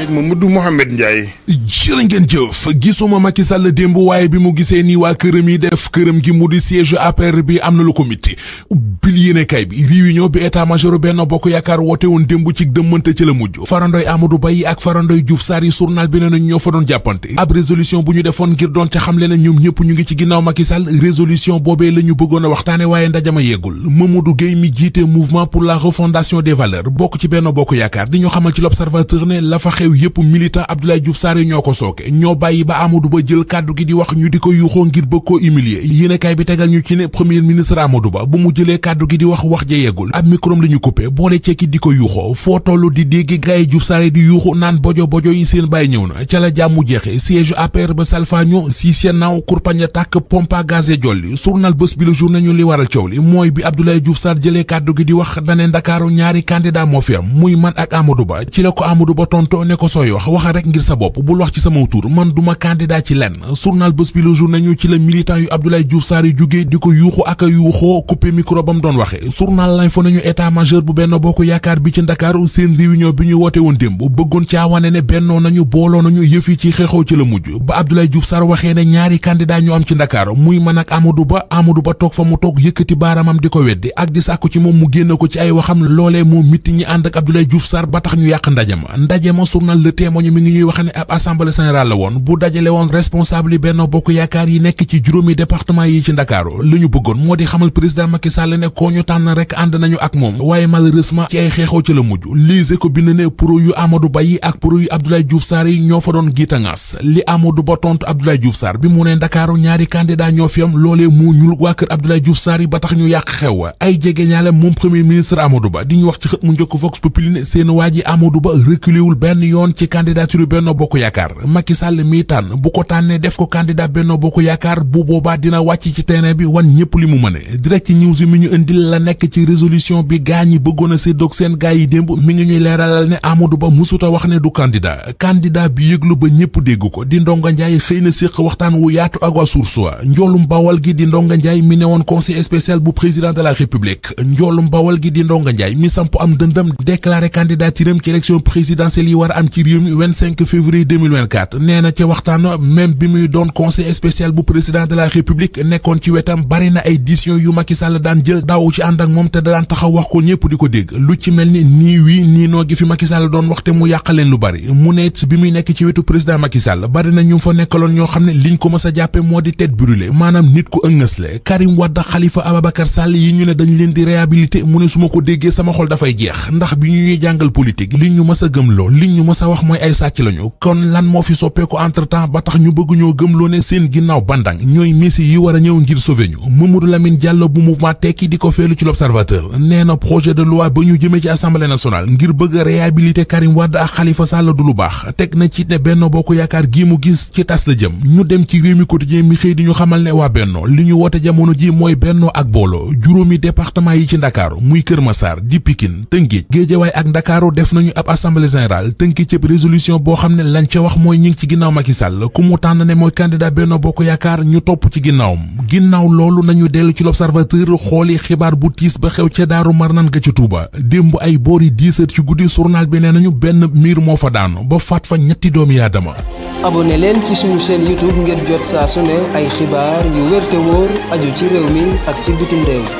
yeeg Mamadou Mouhamed Ndiaye jërë jëf gisuma Macky Sall démb waaye bi mu gisee nii waa këram yi def këram gi mu di siège APR bi am na lu ko mitti bil yéene kay bi réunion bi état major benn bokk yaakaar woote woon démb ci dëmmante ci la mujj farandoy Amadou Ba yi ak farandoy Diouf Sarr yi journal bi ne nañ ñoo fa doon jàppante ab résolution bu ñu defoon ngir doon ca xamle ne ñoom ñëpp ñu ngi ci ginnaaw Macky résolution boobee la ñu a waxtaane waaye ndajama yeggul Mamadou mi jiite mouvement pour la refondation des valeurs bokk ci réew yëpp militant Abdoulaye Diouf ñoo ko sooke ñoo bàyyi ba Amadou Ba jël kàddu gi di wax ñu di ko yuuxoo ngir bëgg koo humilier yéenekaay bi tegal ñu ci ne premier ministre Amadou Ba bu mu jëlee kàddu gi di wax wax ja yeggul ab microm la ñu coupé boole ceeki di ko yuuxoo foo toll di dégg gaay Diouf Sarr di yuuxu naan bojo bojo yi seen bàyyi ñëw na ca la jàmmu jeexe siège APR ba salfaaño si seen naaw kurpañ a tàkk pompa gazé jolli journal bés bi la jour nañu li waral coow li mooy bi Abdoulaye Diouf Sarr jëlee kàddu gi di wax dane Ndakaaru ñaari candidat moo fi am muy man ak Amadou Ba ko sooy wax waxal rek ngir sa bopp bul wax ci sama tur man duma candidat ci lenn journal bés bi le jour nañu ci la militant yu Abdoulaye Diouf Sarr yu jógee di ko yuuxu ak a yuuxoo coupé micro bam doon waxe journal lañ fa nañu état majeur bu benn bokk yaakaar bi ci Ndakaaru seen réunion bi ñu woote woon démb bëggoon caa wane ne bennoo nañu booloo nañu yëf yi ci xeexoo ci la mujj ba Abdoulaye Diouf Sarr waxee ne ñaari candidat ñu am ci Ndakaaru m man ak Ba Amadou Ba toog fa mu toog yëkkati baaramam di ko weddi ak di sàkku ci moom mu génn ko ci ay waxam loolee moo mitti ñi ànd ba tax ñu yàq ndaje ma ndaje journal Le Témoin mi ngi ñuy wax ne ab assemblée générale la woon bu dajale woon responsable yi Benno Bokk Yaakaar yi nekk ci juróomi département yi ci Ndakaaru li bëggoon moo di xamal président Macky ne koo ñu tànn rek ànd nañu ak moom waaye malheureusement ci ay xeexoo ci la mujj lise ko bind ne pro yu Amadou Ba yi ak pro yu Abdoulaye Diouf Sarr yi ñoo fa doon giitangaas li Amadou Ba tontu Abdoulaye Diouf Sarr bi mu ne Ndakaaru ñaari candidat ñoo fi loolee moo ñu yoon ci candidature Benno Bokk Yaakaar Macky Sall mi tànn bu ko tànnee def ko candidat Benno Bokk Yaakaar bu boobaa dina wàcc ci terrain bi wan ñëpp li mu mëne direk ci news mi ñu indil la nekk ci résolution bi gaa ñi bëggoon a séddoog seen gaa yi démb mi ngi ñuy leeralal ne Amadou Ba musuta wax ne du candidat candidat bi yëglu ba ñëpp dégg ko di Ndonga Ndiaye xëy na séq waxtaan wu yaatu ak waa Soursois njoolum bawal gi di Ndonga Ndiaye mi newoon conseil spécial bu président de la République njoolum bawal gi di Ndonga Ndiaye mi samp am dëndam déclaré candidature am ci élection présidentielle yi am ci réew mi 25 février 2024 nee na ca waxtaan même bi muy doon conseil spécial bu président de la république nekkoon ci wetam bari na ay décision yu Macky Sall daan jël daaw ci ànd ak moom te daan taxaw wax ko ñëpp di ko dégg lu ci mel ni nii wii nii noo gi fi Macky Sall doon wax te mu yàqaleen lu bari mu ne it bi muy nekk ci wetu président Macky Sall bari na ñu fa nekkaloon ñoo xam ne liñ ko mës a jàppe moo di tête brûlée maanaam nit ku ëngësle Karim Wade Khalifa Ababacar Sall yi ñu ne dañ leen di réhabilité mu su ma ko déggee sama xol dafay jeex ndax bi jàngal politique li ñu a gëm mës a wax mooy ay sàcc lañu kon lan moo fi soppeeku entre ba tax ñu bëgg ñoo seen ginnaaw bandang ñooy messi yi war a ñëw ngir sauver ñu Mamadou Lamine Diallo bu mouvement tekki di ko feelu ci l'observateur nee projet de loi ba ñu jëmee ci assemblée nationale ngir bëgg a réhabiliter Karim Wade ak Khalifa Sall lu baax teg na ci ne Benno Bokk Yaakaar gi mu gis ci tas la jëm ñu dem ci réew mi quotidien mi xëy di ñu xamal ne waa Benno li ñu woote jamono ji mooy Benno ak booloo juróomi département yi ci Ndakaaru muy Kër Massar di Pikine Tëngéej Géejawaay ak Ndakaaru def nañu ab ki cëb résolution boo xam ne lañ ca wax mooy ñi ci ginnaaw Macky ku mu tànn ne mooy candidat Benno Bokk Yaakaar ñu topp ci ginnaawam ginnaaw loolu nañu dellu ci l'observateur xooli xibaar bu tiis ba xew ca Daaru Marnaan ga ci Tuuba démb ay boori 10 ci guddi journal bi ne nañu benn miir moo fa daanu ba faat fa ñetti doomi aadama abonné leen ci suñu chaîne YouTube ngir jot saa su ne ay xibaar yu wér te wóor aju ci réew mi ak ci bitim réew